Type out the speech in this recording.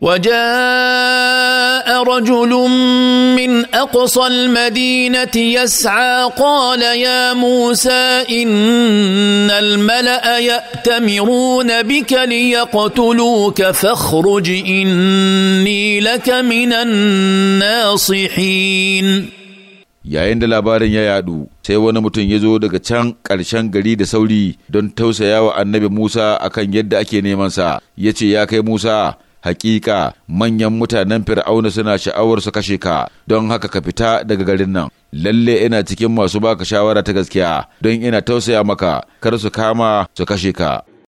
وجاء رجل من اقصى المدينه يسعى قال يا موسى ان الملا ياتمرون بك ليقتلوك فاخرج اني لك من الناصحين yayin da labarin ya yadu sai wani mutum ya zo daga can ƙarshen gari da sauri don tausaya wa annabi musa akan yadda ake nemansa ya ce ya kai musa hakika manyan mutanen fir'auna suna sha'awar su kashe ka don haka ka fita daga garin nan lalle ina cikin masu baka shawara ta gaskiya don ina tausaya maka kar su kama su kashe ka